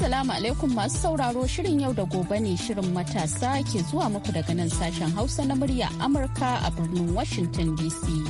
Assalamu alaikum masu sauraro shirin yau da gobe ne shirin matasa ke zuwa muku daga nan sashen Hausa na murya Amurka a birnin Washington DC.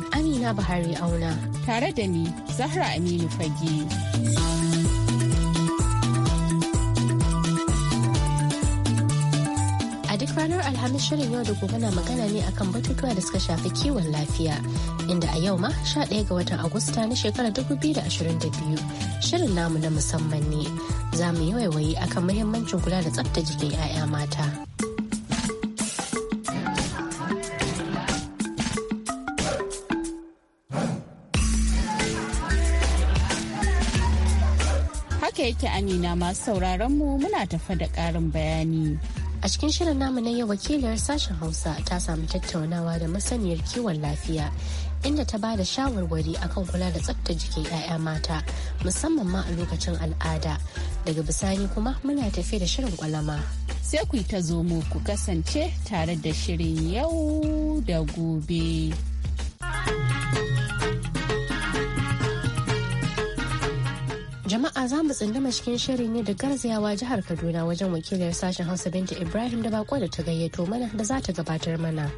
Amina Buhari Auna. Tare da ni, Zahra Aminu Fage. a duk ranar alhamis shirin yau da gobe na magana ne akan batutuwa da suka shafi kiwon lafiya inda a yau ma sha 11 ga watan agusta na shekarar 2022 shirin namu na musamman ne za mu yi waiwayi akan muhimmancin kula da tsafta jikin 'ya'ya mata Haka yake Amina masu sauraron mu muna tafa da ƙarin bayani. A cikin shirin namu na yau wakiliyar sashen Hausa ta samu tattaunawa da masaniyar kiwon lafiya inda ta ba da shawarwari akan kula da tsaftar jikin 'ya'ya mata musamman ma a lokacin al'ada. Daga bisani kuma muna tafi da shirin kwalama. Sai ku yi ta mu ku kasance tare da shirin yau da gobe. Jama'a za mu tsindama cikin shirin ne da garzayawa jihar Kaduna wajen wakilar sashen Hausa Binta Ibrahim da bako da ta gayyato mana da za ta gabatar mana.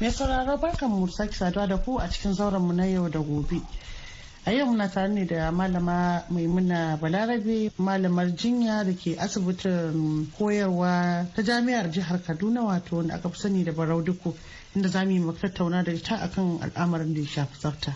Mai sauraro barkan mu sake saduwa da ku a cikin zauren mu na yau da gobe. A yau muna tare ne da malama Maimuna Balarabe malamar jinya da ke asibitin koyarwa ta jami'ar jihar Kaduna wato wanda aka fi sani da Barau Duku inda za mu yi tattauna da ita akan al'amarin da ya shafi tsafta.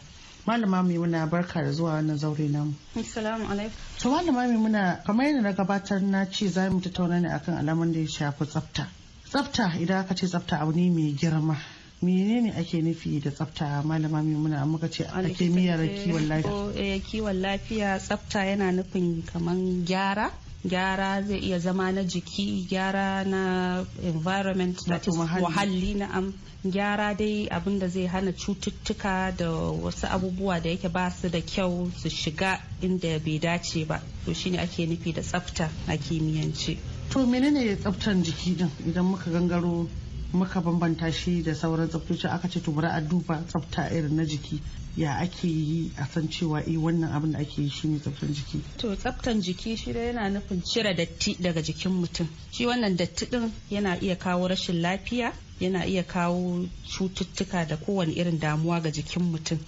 malama muna barka da zuwa wannan zaure namu assalamu alaikum to malama muna kamar yadda na gabatar na ce za mu tattauna ne akan alamun da ya shafi tsafta tsafta idan aka ce tsafta abu ne mai girma menene ake nufi da tsafta malama maimuna amma ka ce ake miyar kiwon lafiya eh, kiwon lafiya tsafta yana nufin kamar gyara gyara zai iya zama na jiki gyara na environment na muhalli na am gyara dai abinda zai hana cututtuka da wasu abubuwa da yake ba su da kyau su shiga inda bai dace ba to shine ake nufi da tsafta a kimiyyance to menene tsaftan jiki din idan muka gangaro muka bambanta shi da sauran tsaftoci aka ce tumura a duba tsafta irin na jiki ya ake yi a san cewa eh wannan abin da ake yi ne tsaftan jiki to tsaftan jiki shi da yana nufin cire datti daga jikin mutum shi wannan datti din yana iya kawo rashin lafiya yana iya kawo cututtuka da kowane irin damuwa ga jikin mutum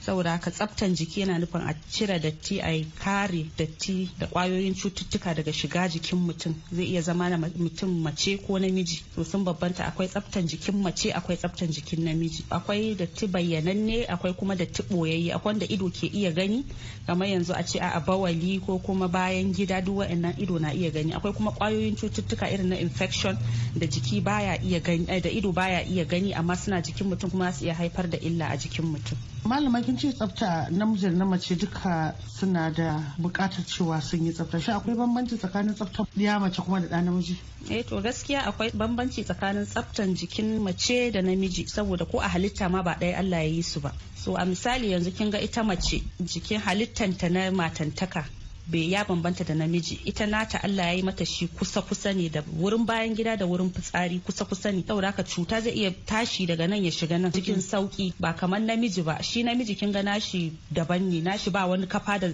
saboda haka tsaftan jiki yana nufin a cire datti a kare datti da kwayoyin cututtuka daga shiga jikin mutum zai iya zama na mutum mace ko namiji to sun babbanta akwai tsaftan jikin mace akwai tsaftan jikin namiji akwai datti bayyananne akwai kuma datti boyayye akwai da ido ke iya gani kamar yanzu a ce a bawali ko kuma bayan gida duk wa'annan ido na iya gani akwai kuma kwayoyin cututtuka irin na infection da jiki baya iya gani eh, da ido baya iya gani amma suna jikin mutum kuma su iya haifar da illa a jikin mutum malamai kin ce tsafta namijin na mace duka suna da bukatar cewa sun yi tsafta shi akwai bambanci tsakanin tsaftar ya mace kuma da ɗa namiji eh to gaskiya akwai bambanci tsakanin tsaftan jikin mace da namiji saboda ko a halitta ma ba ɗaya Allah ya yi su ba so a misali yanzu kin ga ita mace jikin halittanta na matantaka bai ya bambanta da namiji ita nata Allah ya yi mata shi kusa kusa ne da wurin bayan gida da wurin fitsari kusa kusa ne saboda ka cuta zai iya tashi daga nan ya shiga nan cikin sauki ba kamar namiji ba shi namiji kin ga nashi daban ne nashi ba wani kafa da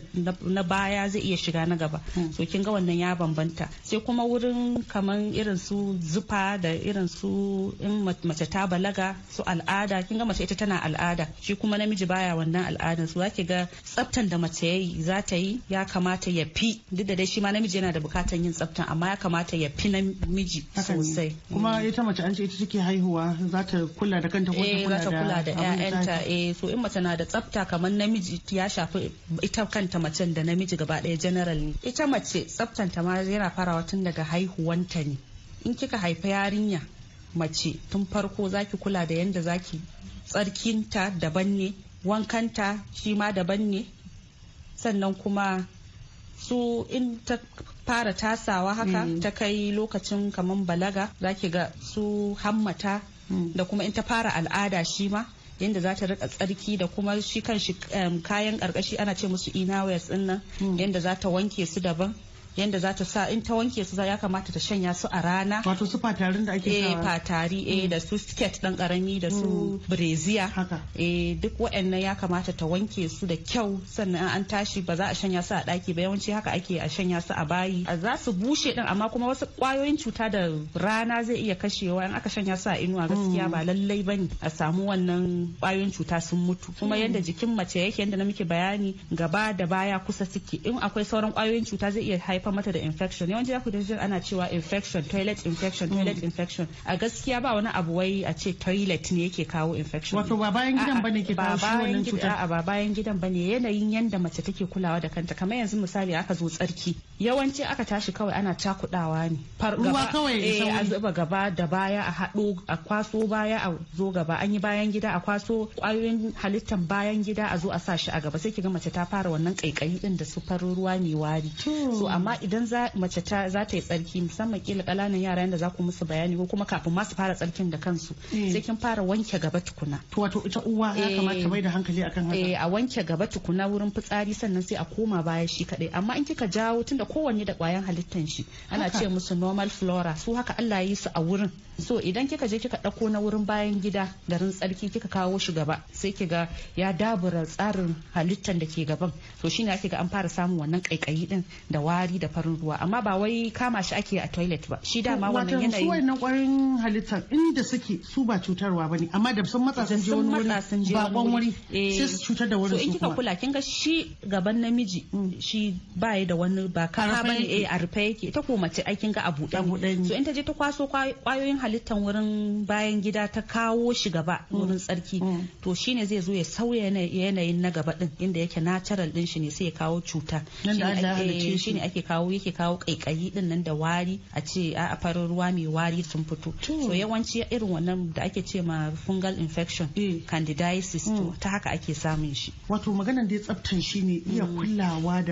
na baya zai iya shiga na gaba hmm. so kin ga wannan ya bambanta sai kuma wurin kamar irin su zufa da irin su in mace ta balaga su al'ada kin ga mace ita tana al'ada shi kuma namiji baya wannan al'adan su zaki ga tsaftan da mace yayi za ta yi ya kamata kamata ya fi duk da dai shi ma namiji yana da bukatan yin tsafta amma ya kamata ya fi namiji sosai kuma mm. ita mace an ce ita take haihuwa za ta kula da kanta ko ta eh, kula da ƴaƴanta eh so in mace na da tsafta kamar namiji ya shafi ita kanta macen da namiji gaba ɗaya general ne ita mace tsaftanta ma yana farawa tun daga haihuwanta ne in kika haifa yarinya mace tun farko zaki kula da yanda zaki tsarkinta daban ne wankanta shi ma daban ne sannan kuma su in ta fara tasawa haka mm. ta kai lokacin kamar balaga za ki ga su hammata mm. da kuma in ta fara al'ada shi ma yadda za ta rika tsarki da kuma shi kan shi kayan karkashi ana ce musu ina din nan mm. yadda za ta wanke su daban yanda za ta sa in ta wanke su ya kamata ta shanya su a rana wato su fatarin da ake shawara eh fatari eh mm. da su skirt dan karami da su mm. breziya eh duk waɗannan ya kamata ta wanke su da kyau sannan an tashi ba za a shanya su a daki ba yawanci haka ake a shanya su a bayi za su bushe din amma kuma wasu kwayoyin cuta da rana zai iya kashewa in aka shanya su a inuwa mm. gaskiya ba lallai bane a samu wannan kwayoyin cuta sun mutu kuma yadda jikin mace yake yadda na muke bayani gaba da baya kusa suke in akwai sauran kwayoyin cuta zai iya haifa. haifar mata da infection yawanci za ku da jin ana cewa infection toilet infection toilet mm. infection a gaskiya ba wani abu wai a ce toilet ne yake kawo infection wato ba bayan gidan bane ke kawo shi wannan cutar a ba bayan gidan bane yanayin yanda mace take kulawa da kanta kamar yanzu misali aka zo tsarki yawanci aka tashi kawai ana cakudawa ne ruwa kawai eh a zuba gaba da baya a hado a kwaso baya a zo gaba an yi bayan gida a kwaso kwayoyin halittan bayan gida a zo a sa shi a gaba sai ga mace ta fara wannan kaikayi din da su farin ruwa mai wari so amma idan mace ta za ta yi tsarki musamman kila kalanan yara yanda za ku musu bayani ko kuma kafin masu fara tsarkin da kansu eh. sai kin fara wanke gaba tukuna to wato ita uwa ya eh. kamata mai da hankali akan haka eh a wanke gaba tukuna wurin fitsari sannan sai a koma baya shi kadai amma in kika jawo tunda kowanne da kwayan halittan shi ana ce musu normal flora su haka Allah ya yi su a wurin so idan kika je kika dauko na wurin bayan gida garin tsarki kika kawo shi gaba sai kiga ya dabura tsarin halittan da ke gaban to shine ake ga an fara samun wannan kaikayi din da wari da da farin ruwa amma ba wai kama shi ake a toilet ba shi dama wannan yanayi su wannan kwarin halittar inda suke su ba cutarwa bane amma da sun matsa sun je wani wuri bakon wuri eh. sai su cutar da wani su in kika kula kin ga shi gaban namiji mm. shi ba da wani ba kara bane eh a rufe yake ta ko mace ai kin ga a buɗe so in ta je ta kwaso kwayoyin halittar wurin bayan gida ta kawo shi gaba mm. wurin tsarki mm. to shine zai zo ya sauya yanayin na gaba din inda yake natural din shi ne sai ya kawo cuta shi ne ake kawo yake kawo kaikayi din nan da wari a ce a farin ruwa mai wari sun fito so yawanci irin wannan da ake ce ma fungal infection mm. candidiasis to mm. ta haka ake samun shi wato maganar da ya tsaftan shi ne iya mm. kulawa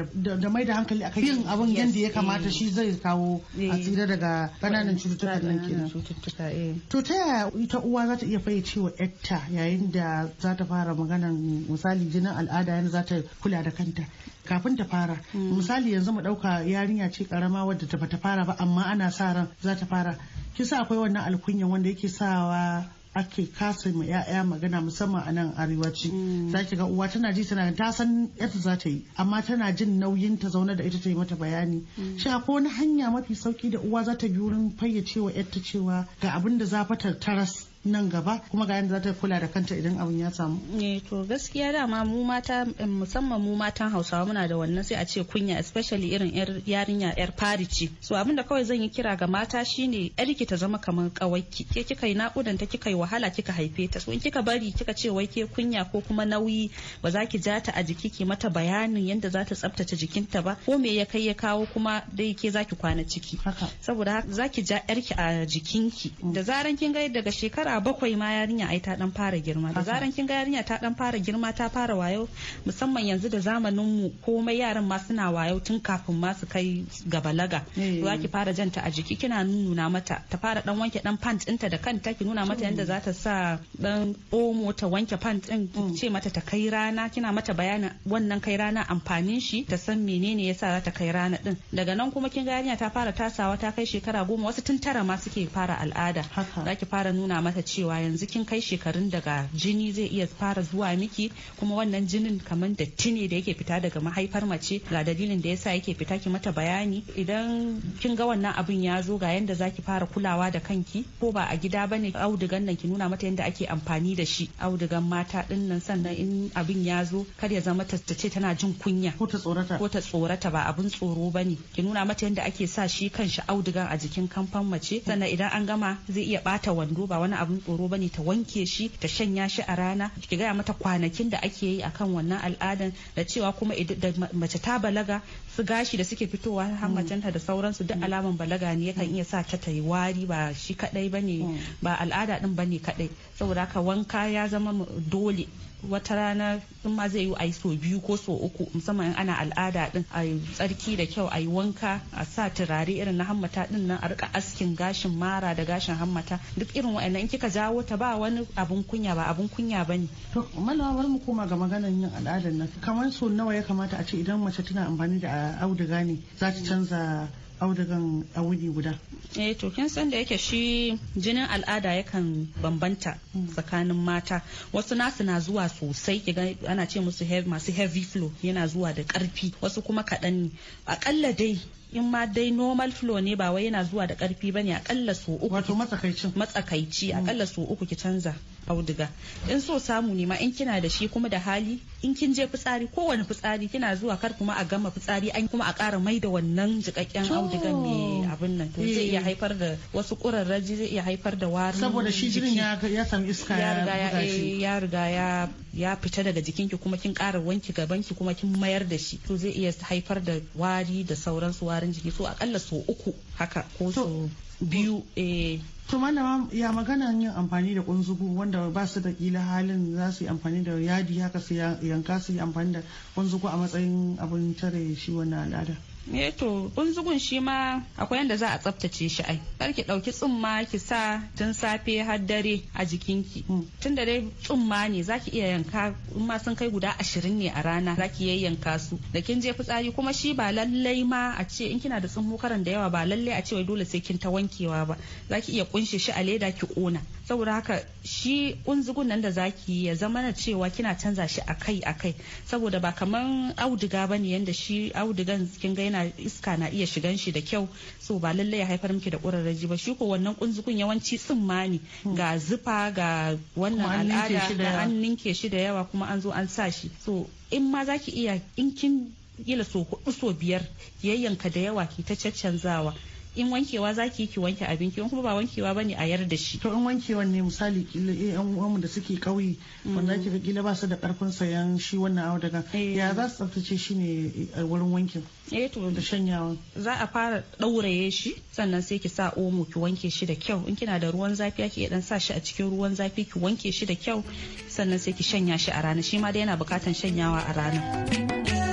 da mai da hankali a yin abin yadda ya kamata shi zai kawo eh. a tsira daga kananan cututtuka nan eh. kenan to ta yaya ita uwa za ta iya fayyace wa yatta yayin da za ta fara maganar misali jinin al'ada yana za ta kula da kanta kafin ta fara hmm. misali yanzu mu dauka yarinya ce karama wadda ta bata fara ba amma ana sa ran za ta fara kisa akwai wannan alkunya wanda yake sawa ake kasa ma 'ya'ya magana musamman a nan arewaci hmm. za ki ga uwa tana ji tana ta san yadda za ta yi amma tana jin nauyin ta zaune da ita ta yi mata bayani hmm. shi ko wani hanya mafi sauki da uwa za ta bi wurin fayyacewa yadda cewa ga abin da za ta taras nan gaba kuma ga yadda za ta kula da kanta idan abin ya samu Ne eh, to gaskiya dama mu mata eh, musamman mu matan Hausawa muna da wannan sai a ce kunya especially irin yar yarinya yar farici so da kawai zan yi kira ga mata shine ki ta zama kamar kawaki ke kika yi nakudan ta kika yi wahala kika haife ta so in kika bari kika ce wai ke kunya ko kuma nauyi ba za ki ja ta a jiki ki mata bayanin yadda za ta tsaftace jikinta ba ko me ya kai ya kawo kuma dai ke za ki kwana ciki saboda za ki ja yarki a jikinki da zaran kin ga daga shekara shekara bakwai ma yarinya ai ta dan fara girma da zaran kin ga yarinya ta dan fara girma ta fara wayo musamman yanzu da zamanin mu komai yaran ma suna wayo tun kafin ma su kai ga balaga to eh. ki fara janta a jiki kina nuna mata ta fara dan wanke dan pant ɗinta da kanta ki nuna mata yanda hmm. zata sa dan omo ta wanke pant ɗin hmm. ce mata ta kai rana kina mata bayanin wannan kai rana amfanin shi ta san menene yasa za ta kai rana din daga nan kuma kin ga yarinya ta fara tasawa ta kai shekara goma wasu tun tara ma suke fara al'ada zaki fara nuna mata cewa yanzu kin kai shekarun daga jini zai iya fara zuwa miki kuma wannan jinin kamar datti ne da yake fita daga mahaifar mace ga dalilin da yasa yake fita ki mata bayani idan kin ga wannan abin ya zo ga yanda zaki fara kulawa da kanki ko ba a gida bane audugan nan ki nuna mata yanda ake amfani da shi audugan mata din nan sannan in abin ya zo kar ya zama ta ce tana jin kunya ko ta tsorata ko ta tsorata ba abin tsoro bane ki nuna mata yanda ake sa shi kanshi audugan a jikin kamfan mace sannan idan an gama zai iya bata wando ba wani abu abin tsoro bane ta wanke shi ta shanya shi a rana ki gaya mata kwanakin da ake yi akan wannan al'adan da cewa kuma da mace ta balaga su gashi da suke fitowa hammacanta mm. da sauransu duk mm. alaman balaga ne yakan mm. iya sa ta ta yi wari ba shi kadai bane ba al'ada din bane kadai saboda ka wanka ya zama dole wata rana in ma zai yi a so biyu ko so uku musamman in ana al'ada din a tsarki da kyau a yi wanka a sa turare irin na hammata din nan a rika askin gashin mara da gashin hammata duk irin wa'annan in kika jawo ta ba wani abun kunya ba abun kunya ba ne. to malama bari mu koma ga maganar yin al'adar nan kamar so nawa ya kamata a ce idan mace tana amfani da auduga ne za ta canza audugan a wuni guda eh to kin san da yake shi jinin al'ada yakan bambanta hmm. tsakanin mata wasu nasu na zuwa sosai kiga ana ce musu masu heavy flow yana zuwa da karfi wasu kuma kaɗan ne akalla dai in ma dai normal flow ne ba wai yana zuwa da karfi bane akalla so uku wato matsakaici matsakaici hmm. akalla so uku ki canza auduga in so samu ne ma in kina da shi kuma da hali in kin je fitsari kowane fitsari kina zuwa kar kuma a gama fitsari an kuma a kara mai da wannan jikakken auduga ne abin nan to zai iya eh. haifar da wasu ƙurarraji zai iya haifar da wari saboda shi jirin ya sami iska ya riga ya eh, ya riga ya ya fita daga jikinki kuma kin kara wanki gabanki kuma kin mayar da shi to zai iya haifar da wari da sauransu warin jiki so akalla so uku haka ko so biyu eh to malama ya magana yin amfani da kunzugu wanda ba su da kila halin za su yi amfani da yadi haka su yanka su yi amfani da kunzugu a matsayin abin tare shi wannan al'ada Eh to bunzugun shi ma akwai yanda za a tsaftace shi ai kar ki dauki tsumma ki sa tun safe har dare a jikinki hmm. tunda dai tsumma ne zaki iya yanka in ma sun kai guda ashirin ne a rana zaki yanka su da kin je fitsari kuma shi ba lallai ma a ce in kina da tsummo karan da yawa ba lallai a ce wai dole sai kin ta wankewa ba zaki iya kunshe shi a leda ki kona saboda haka shi unzugun nan da zaki ya zama na cewa kina canza shi akai akai saboda ba kaman auduga ne, yanda shi audugan kin ga yana iska na iya shigan shi da kyau so ba lallai ya haifar miki da ƙurarraji ba shi ko wannan unzugun yawanci tsumma ne ga zufa ga wannan al'ada an ninke shi da yawa kuma an zo an sa shi so in ma zaki iya in kin kila so hudu so biyar yayyanka da yawa ki ta caccanzawa in wankewa zaki ki wanke abin ki kuma ba wankewa ba ne a yarda shi to in wankewan ne misali kila eh, yan uwanmu da suke kauye wanda mm. ki kila ba su da karfin sayan shi wannan daga eh. ya za su tsaftace shi ne eh, a wurin wankin eh to da shanyawa za a fara ɗauraye shi sannan sai ki sa omo ki wanke shi da kyau in kina da ruwan zafi ki dan sa shi a cikin ruwan zafi ki wanke shi da kyau sannan sai ki shanya shi a rana shi ma dai yana bukatan shanyawa a rana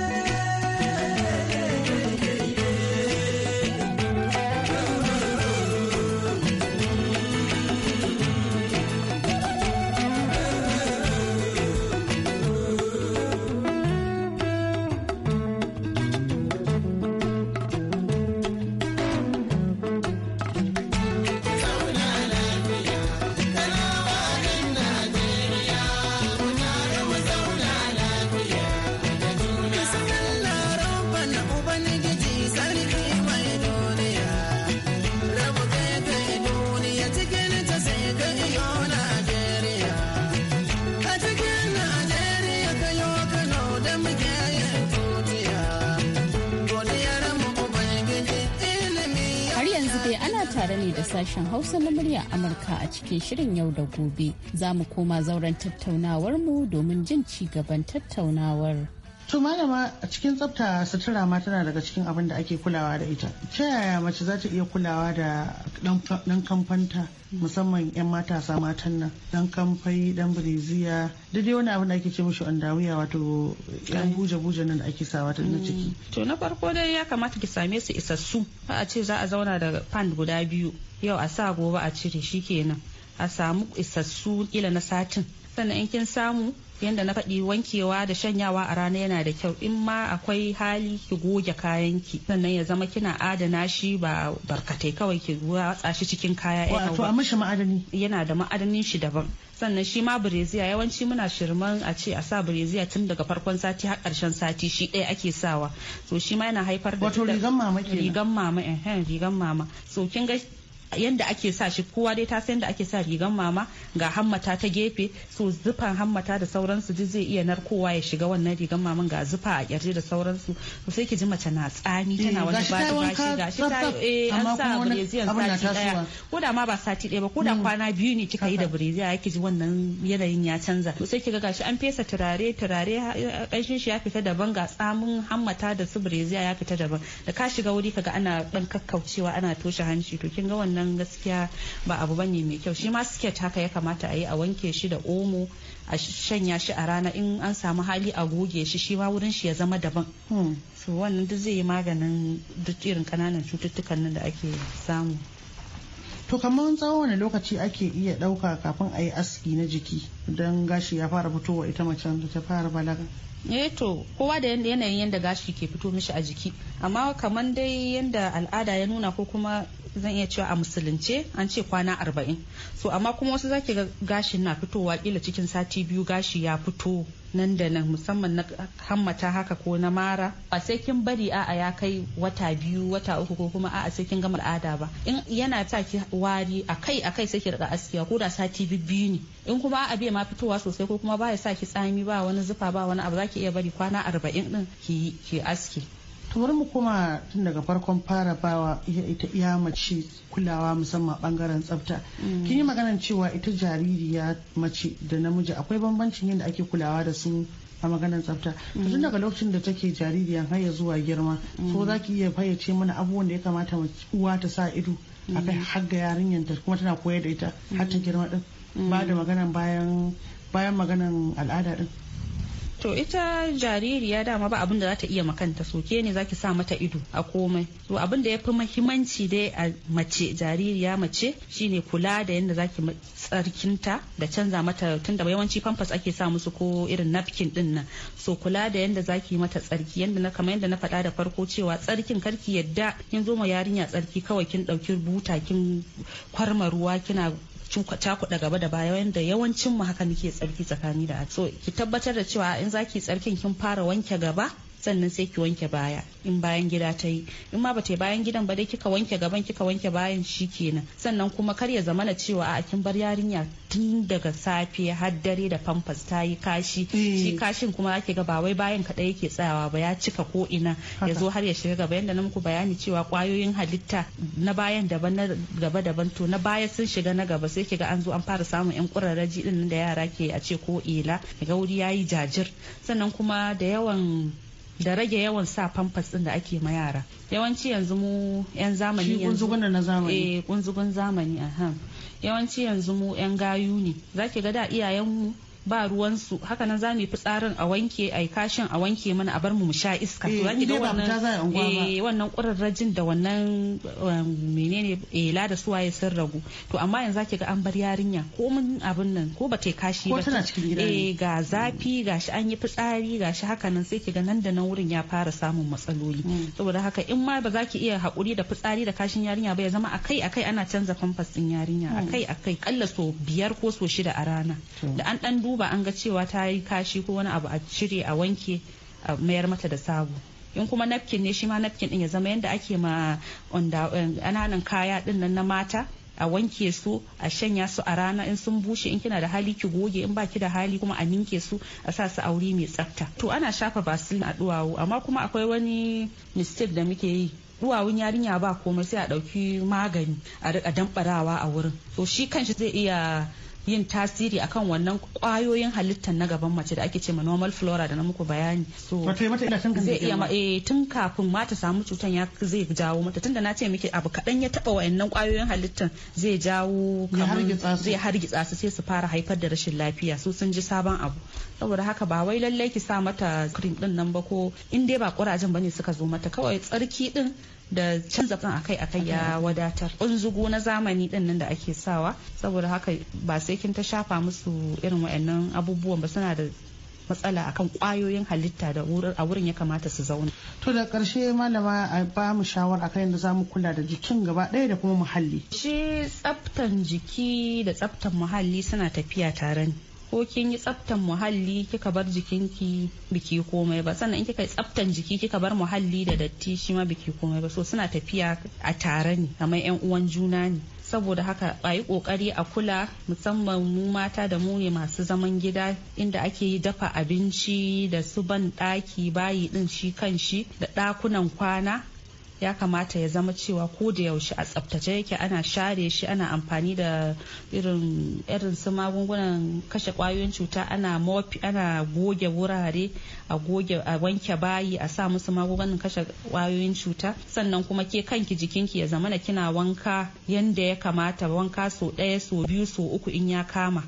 Amurka a cikin shirin yau da gobe. Za mu koma zauren tattaunawar mu domin jin ci gaban tattaunawar. To malama a cikin tsafta sutura ma tana daga cikin abin da ake kulawa da ita. Ta yaya mace za ta iya kulawa da dan kamfanta musamman 'yan matasa matan nan dan kamfai dan bireziya duk dai wani abin da ake ce mishi andawiya wato yan buje buje nan da ake sawa ta na ciki. Mm. To na farko dai ya kamata ki same su isassu ba a ce za a zauna da fan guda biyu yau a sa gobe a cire shi kenan a samu isassu kila na satin sannan in kin samu yadda na faɗi wankewa da shanyawa a rana yana da kyau in ma akwai hali ki goge kayan ki sannan ya zama kina adana shi ba barkatai kawai ki watsa shi cikin kaya yana ba shi ma'adani yana da ma'adanin shi daban sannan shi ma bireziya yawanci muna shirman a ce a sa bireziya tun daga farkon sati har karshen sati shi ɗaya ake sawa so shi ma yana haifar da wato rigan mama rigan mama eh rigan mama so kin ga yanda ake sa shi kowa dai ta san da ake sa rigan mama ga hammata ta gefe so zufan hammata da sauransu duk zai iya narkowa ya shiga wannan rigan maman ga zufa a kyarje da sauransu to sai ki ji mace na tsami tana eh, wani ba da ga shi ta eh an sa breziyan sati daya ko da ma ba sati daya ba ko da mm. kwana biyu ne kika yi da breziya yake ji wannan yanayin ya canza to sai kiga gashi an fesa turare turare kanshin shi ya fita daban ga tsamin hammata da su breziya ya fita daban da ka shiga wuri kaga ana dan kakkaucewa ana toshe hanci to kin ga wannan nan gaskiya ba abu bane mai kyau shi ma siket haka ya kamata a yi a wanke shi da omo a shanya shi a rana in an samu hali a goge shi shi ma wurin shi ya zama daban hmm. so wannan duk zai yi maganin duk irin kananan cututtukan nan da ake samu To kamar tsawon wani lokaci ake iya ɗauka kafin a yi aski na jiki don gashi ya fara fitowa ita macen da ta fara balaga? eh to kowa da yanayin yadda gashi ke fito mishi a jiki amma kamar dai yadda al'ada ya nuna ko kuma zan iya cewa a musulunce an ce kwana arba'in so amma kuma wasu zaki ga gashin na fitowa kila cikin sati biyu gashi ya fito nan da nan musamman na hammata haka ko na mara A sai kin bari a'a ya kai wata biyu wata uku ko kuma a'a sai kin gama al'ada ba in yana sa ki wari a kai a kai sai ki riga askiya ko da sati bibbiyu ne in kuma a'a bai ma fitowa sosai ko kuma ba ya sa ki tsami ba wani zufa ba wani abu zaki iya bari kwana arba'in din ki aski to bari mu kuma tun daga farkon fara bawa ita iya mace kulawa musamman bangaren tsafta mm. kin yi maganar cewa ita jaririya mace da namiji akwai bambancin yadda ake kulawa da su a maganar tsafta tun mm. daga lokacin da take jaririya har ya zuwa girma so mm. za ki iya fayyace mana abubuwan da ya kamata uwa ta sa ido akai har ga yarinyar ta kuma tana koyar da ita har ta girma din ba da maganan bayan bayan maganan al'ada din to ita jaririya dama ba abin da za ta iya makanta soke ne zaki sa mata ido a komai to abin da ya fi mahimmanci dai a mace jaririya mace shine kula da yadda zaki tsarkinta da canza mata tun da yawanci pampas ake sa musu ko irin napkin din nan so kula da yadda zaki mata tsarki yadda na kamar yadda na faɗa da farko cewa tsarkin karki yadda kin zo ma yarinya tsarki kawai kin ɗauki buta kin kwarma ruwa kina cakuɗa gaba da baya wanda yawancin mu haka nake tsarki tsakani da so ki tabbatar da cewa in zaki tsarkin kin fara wanke gaba sannan sai ki wanke baya in bayan gida ta yi in ma bata bayan gidan ba dai kika wanke gaban kika wanke bayan shi kenan sannan kuma kar ya zamana cewa a kin bar yarinya tun daga safe har dare da pampers ta yi kashi eh. shi kashin kuma ake ga ba wai bayan kaɗai yake tsayawa ba ya cika ko ina ya zo har ya shiga gaba yadda na muku bayani cewa kwayoyin halitta na bayan daban na gaba daban to na baya sun shiga na gaba sai kiga an zo an fara samun yan kurarraji din da yara ke a ce ko ila ga wuri yayi jajir sannan kuma da yawan da rage yawan sa pampers din da ake ma yara yawanci yanzu mu yan zamani yanzu na zamani eh kunzugun zamani aha yawanci yanzu mu yan gayu ne zaki ga da iyayen mu ba ruwansu haka nan za mu fi tsarin a wanke a kashin a wanke mana a bar mu mu sha iska to eh, zaki ga wannan eh wannan kurarrajin da wannan um, menene eh lada suwaye sun ragu to amma yanzu zaki ga an bar yarinya ko mun abin nan ko ba ta kashi ba eh ga zafi ga shi an yi fitsari gashi haka nan sai ki ga nan da nan wurin ya fara samun matsaloli mm. saboda haka in ma ba za iya haƙuri da fitsari da kashin yarinya ba ya zama akai akai ana canza famfas din yarinya akai mm. akai kalla so biyar ko so shida a rana da an dan duba an ga cewa ta yi kashi ko wani abu a cire a wanke a mayar mata da sabo in kuma napkin ne shi ma napkin din ya zama yadda ake ma eh, ananan kaya din nan na mata a wanke su a shanya su a rana in sun bushe in kina da hali ki goge in ba ki da hali kuma a ninke su a sa su a wuri mai tsafta to ana shafa vaseline a duwawu amma kuma akwai wani mistake da muke yi duwawun yarinya ba komai sai a ɗauki magani a rika damɓarawa a wurin to shi kanshi zai iya yin tasiri akan wannan kwayoyin halittar na gaban mace da ake ce ma normal flora da na muku bayani so zai iya ma eh tun kafin ma ta samu cutan ya zai jawo mata tunda na ce miki abu kadan ya taba wayannan kwayoyin halittar zai jawo kamar zai hargitsa su sai su fara haifar da rashin lafiya su sun ji sabon abu saboda haka ba wai lallai ki sa mata cream din nan ba ko in dai ba kurajen bane suka zo mata kawai tsarki din da canza kan akai akai ya wadatar unzugu na zamani din nan da ake sawa saboda haka ba sai kin ta shafa musu irin wayannan abubuwan ba suna da matsala akan kwayoyin halitta da a wurin ya kamata su zauna. To da karshe malama a ba mu shawara akan yadda zamu kula da jikin gaba ɗaya da kuma muhalli. Shi tsaftan jiki da tsaftan muhalli suna tafiya tare ko kin yi tsaftan muhalli kika bar jikinki biki komai ba sannan in kika yi tsaftan jiki kika bar muhalli da datti shi ma biki komai ba so suna tafiya a tare ne kamar yan uwan juna ne saboda haka a yi kokari a kula musamman mu mata da mu ne masu zaman gida inda ake yi dafa abinci da su ban daki bayi din shi kan shi da dakunan kwana ya kamata ya zama cewa ko da yaushe a tsaftace yake ana share shi ana amfani da irin irin su magungunan kashe kwayoyin cuta ana mopi ana goge wurare a goge a wanke bayi a sa musu magungunan kashe kwayoyin cuta sannan kuma ke kanki jikinki ya zama kina wanka yanda ya kamata wanka so ɗaya so biyu so uku in ya kama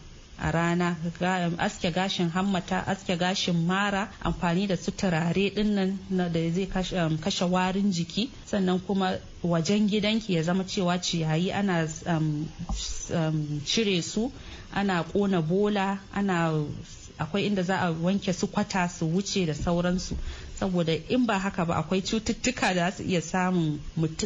a rana um, aske gashin hammata aske gashin mara amfani da su turare dinnan da zai um, kashe warin jiki sannan kuma wajen gidanki ya zama cewa ciyayi ana um, cire su ana kona bola ana akwai inda za a wanke su kwata su wuce da sauransu saboda in ba haka ba akwai cututtuka da su iya samun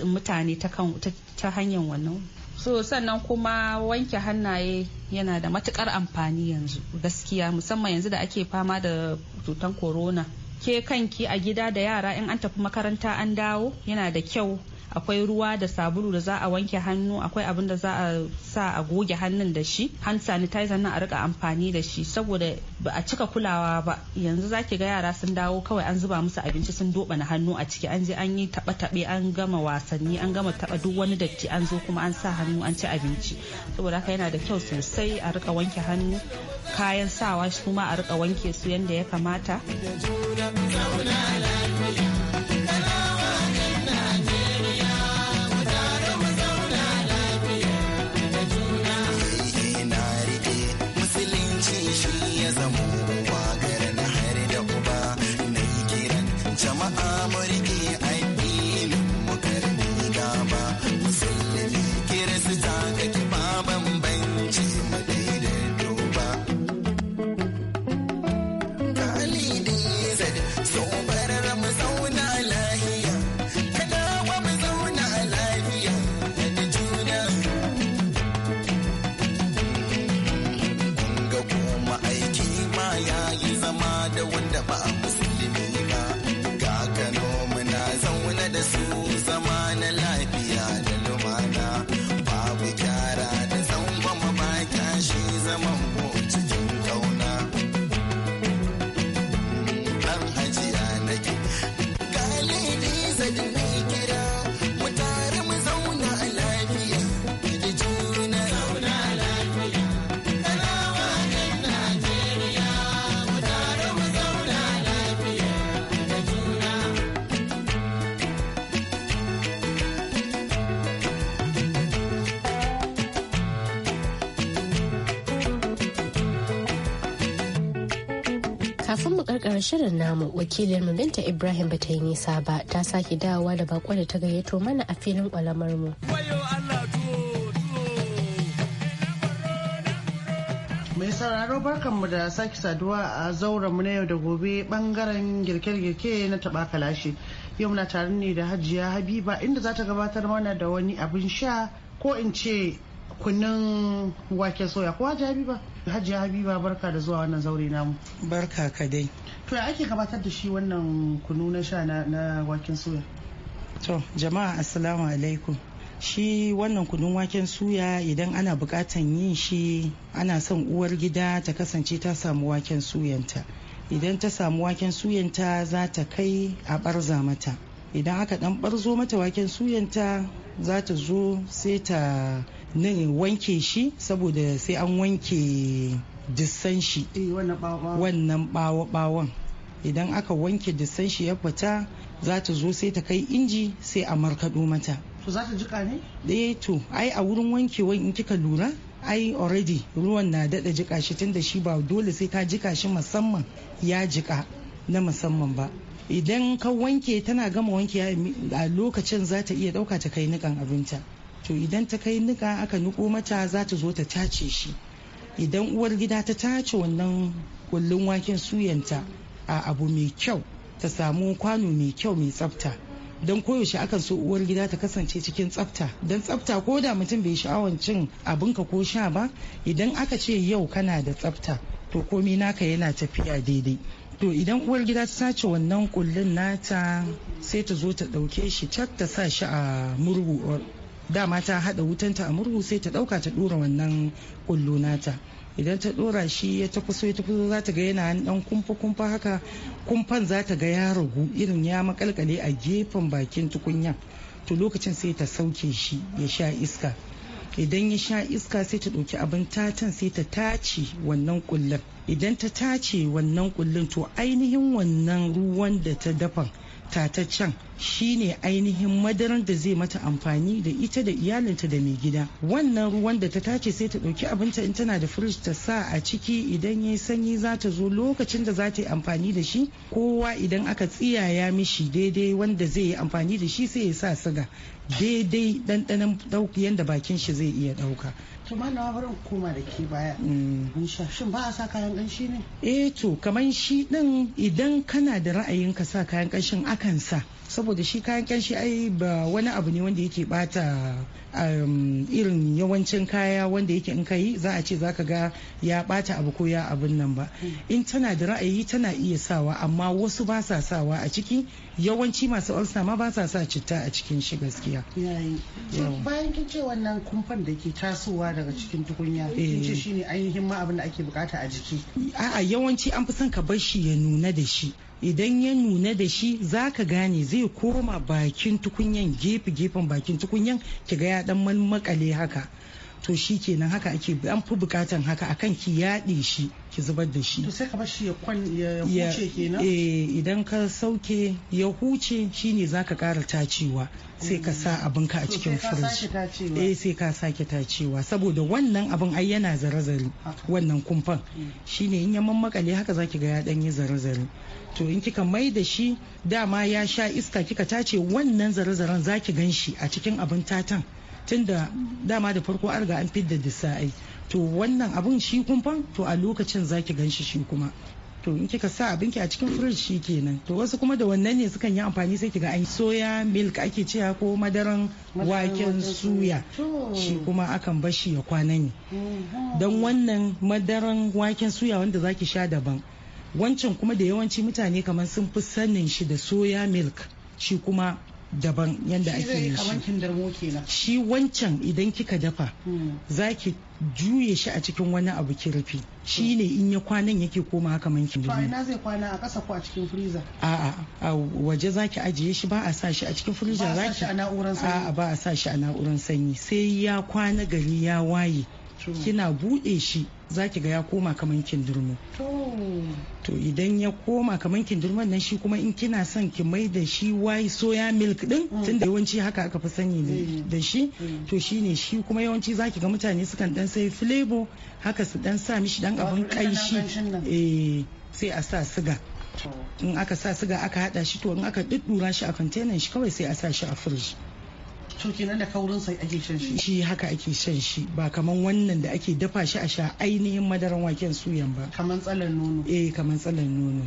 mutane ta hanyar wannan so sannan kuma wanke hannaye yana da matukar amfani yanzu gaskiya musamman yanzu da ake fama da cutan corona ke kanki a gida da yara in an tafi makaranta an dawo yana da kyau akwai ruwa da sabulu da za a wanke hannu akwai abin da za a sa a goge hannun da shi hand sanitizer na a rika amfani da shi saboda ba a cika kulawa ba yanzu zaki ga yara sun dawo kawai an zuba musu abinci sun na hannu a ciki an je an yi taba tabe an gama wasanni an gama taba duk wani datti an zo kuma an sa hannu an ci abinci saboda haka yana da kyau sosai a rika wanke hannu kayan sawa su ma a rika wanke su yanda ya kamata. Kafin mu karkara shirin namu wakilin mu Binta Ibrahim bata yi nisa ba ta sake dawowa da bako da ta gayyato mana a filin kwalamar mu. Mai sauraro mu da sake saduwa a zauren mu na yau da gobe bangaren girke-girke na taba kalashi. Yau muna tare ne da Hajiya Habiba inda za ta gabatar mana da wani abin sha ko in ce kunnin wake soya ko Hajiya Habiba. Hajiya Habiba barka da zuwa wannan zaure namu. Barka ka dai. To ya ake gabatar da shi wannan kunu na sha na waken suya? To jama'a assalamu alaikum. Shi wannan kunun waken suya idan ana bukatan yin shi ana son uwar gida ta kasance ta samu waken suyanta. Idan ta samu waken suyanta za ta kai a barza mata. Idan aka dan barzo mata waken suyanta za ta zo sai ta nan wanke shi saboda sai an wanke dusan shi eh, wannan bawo-bawon idan aka wanke dusan shi ya fita za ta zo sai ta kai inji sai a markaɗo mata to za ta jika ne? eh to ai a wurin wankewan in kika lura ai already ruwan na daɗa jika shi tunda shi ba dole sai ka jika shi musamman ya jika na musamman ba idan ka wanke tana gama wanke a lokacin za ta iya ɗauka ta kai nikan abinta to idan ta kai nika aka niko mata za ta zo ta tace shi idan uwar gida ta tace wannan kullun waken suyanta a abu mai kyau ta samu kwano mai kyau mai tsafta don koyaushe akan so uwar gida ta kasance cikin tsafta don tsafta ko da mutum bai sha'awar cin abinka ko sha ba idan aka ce yau kana da tsafta to komi naka yana tafiya daidai to idan uwar gida ta sace wannan kullun nata sai ta zo ta ɗauke shi ta sa shi a murhu dama ta hada wutanta a murhu sai ta dauka ta dora wannan kullu nata idan ta dora shi ya ta kuso ya ta kuso za ta ga yana dan kumfa kumfa haka kumfan za ta ga ya ragu irin ya makalkale a gefen bakin tukunya to lokacin sai ta sauke shi ya sha iska idan ya sha iska sai ta ɗauki abin tatan sai ta tace wannan kullun idan ta tace wannan kullun to ainihin wannan ruwan da ta dafa tataccen shine ainihin madaran da zai mata amfani da ita da iyalinta da mai gida wannan ruwan da ta tace sai ta ɗauki abinta in tana da firij ta sa a ciki idan ya sanyi za ta zo lokacin da za ta yi amfani da shi kowa idan aka tsiyaya mishi daidai wanda zai yi amfani da shi sai ya sa siga daidai ɗanɗanon yadda bakin shi zai iya ɗauka to malama barin koma da ke baya insha mm. shin ba a sa kayan kanshi ne eh to kaman shi din idan kana da ra'ayin ka sa kayan kanshin akan sa saboda shi kayan kanshi ai ba wani abu ne wanda yake bata um, irin yawancin kaya wanda yake in kai za a ce za ka ga ya bata abu ko ya abin nan ba hmm. in tana da ra'ayi tana iya sawa amma wasu ba sa sawa a ciki yawanci masu ulcer ma ba sa sa citta a cikin shi gaskiya bayan kin ce wannan kumfan da ke tasowa daga cikin tukunya kin ce eh. shine ainihin ma abin da ake bukata a jiki a'a yawanci an fi son ka bar shi ya nuna da shi idan ya nuna da shi za ka gane zai koma bakin tukunyan gefe gefen bakin tukunyan kiga ya dan makale haka to shi kenan haka ake an fi bukatan haka akan ki yaɗe shi ki zubar da shi to sai ka bar shi ya huce kenan eh idan ka sauke ya huce shine zaka ƙara tacewa sai ka sa abinka a cikin firij eh sai ka sake tacewa saboda wannan abin ai yana zare-zare wannan kumfan mm. shine in ya mammakale haka zaki ga ya dan yi zare-zare to in kika mai da shi dama ya sha iska kika tace wannan zare-zaren zaki gan shi a cikin abin tatan tunda dama da farko an an fidda da ai to wannan abun shi kumfan to a lokacin zaki ganshi shi kuma to in kika sa abinki a cikin firij shi kenan to wasu kuma da wannan ne sukan yi amfani sai ga an soya milk ake cewa ko madaran waken suya shi kuma akan bashi ya kwana ne dan wannan madaran waken suya wanda zaki sha daban wancan kuma da yawanci mutane kamar sun fi sanin shi da soya milk shi kuma daban yadda ake yin shi shi wancan idan kika dafa hmm. zaki juye shi a cikin wani abu kirfi shi ne in ya kwanan yake koma haka man kin duniya. ina zai kwana a ƙasa ko a cikin freezer? A'a a waje zaki ajiye shi ba a sa shi a cikin freezer zaki. Ba a sa shi a na'urar sanyi. A'a ba a sa shi a na'urar sanyi sai ya kwana gari ya waye kina bude shi zaki ga ya koma kaman kindirmo oh. to idan ya koma kaman kindirmon nan shi kuma in kina son ki mai da shi wai soya milk din mm. tunda yawanci haka aka fi sani mm. da shi mm. to shine shi kuma yawanci zaki ga mutane sukan dan sai flavor haka su dan sa mishi dan abin kaishi eh sai a sa siga in aka sa siga aka hada shi to in aka duddura shi a kwantenan shi kawai sai a sa shi a fridge to kenan da kaurin sai ake shan shi shi haka ake shan shi ba kaman wannan da ake dafa shi a sha ainihin madaran waken suyan ba kaman tsalan nono eh kaman tsalan nono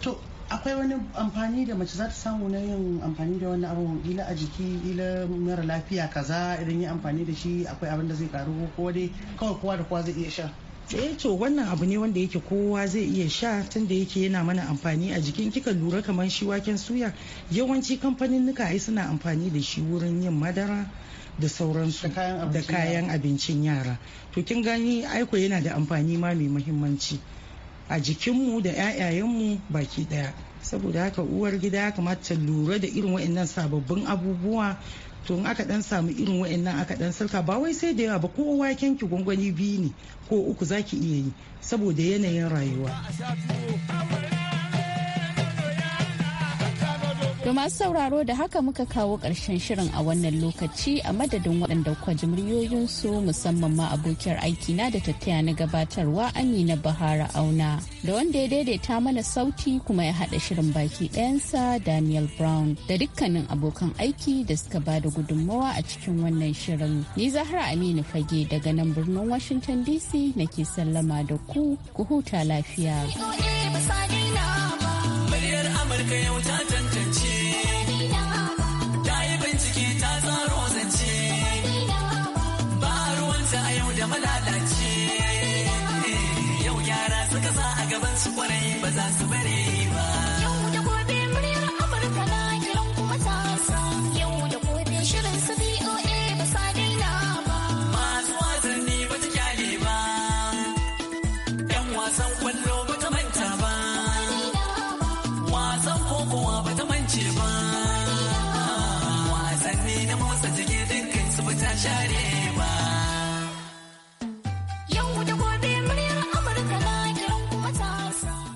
to akwai wani amfani da mace za ta samu na yin amfani da wani abu ila a jiki ila mara lafiya kaza idan yi amfani da shi akwai abin da zai karu ko dai kawai kowa da kowa zai iya sha eh to wannan abu ne wanda yake kowa zai iya sha tunda yake yana mana amfani a jikin kika lura kamar shi waken suya yawanci kamfanin nuka ai suna amfani da shi wurin yin madara da sauransu da kayan abincin yara to kin gani aiko yana da amfani ma mai muhimmanci a jikinmu da 'ya'yayenmu baki daya saboda haka uwar gida ya kamata ta lura da irin waɗannan sababbin abubuwa to in aka dan samu irin wa'annan aka dan sarka ba wai sai da yawa ba ko waken ki gwangwani biyu ne ko uku zaki iya yi saboda yanayin rayuwa To masu sauraro da haka muka kawo ƙarshen shirin a wannan lokaci a madadin waɗanda kwa su musamman ma abokiyar aiki na da tattaya na gabatarwa Amina Bahara Auna da wanda ya daidaita mana sauti kuma ya haɗa shirin baki ɗayansa Daniel Brown da dukkanin abokan aiki da suka ba da gudunmawa a cikin wannan shirin. Ni Zahra Aminu Fage daga nan birnin Washington DC nake sallama da ku ku huta lafiya. yau ta Cause I'm su bare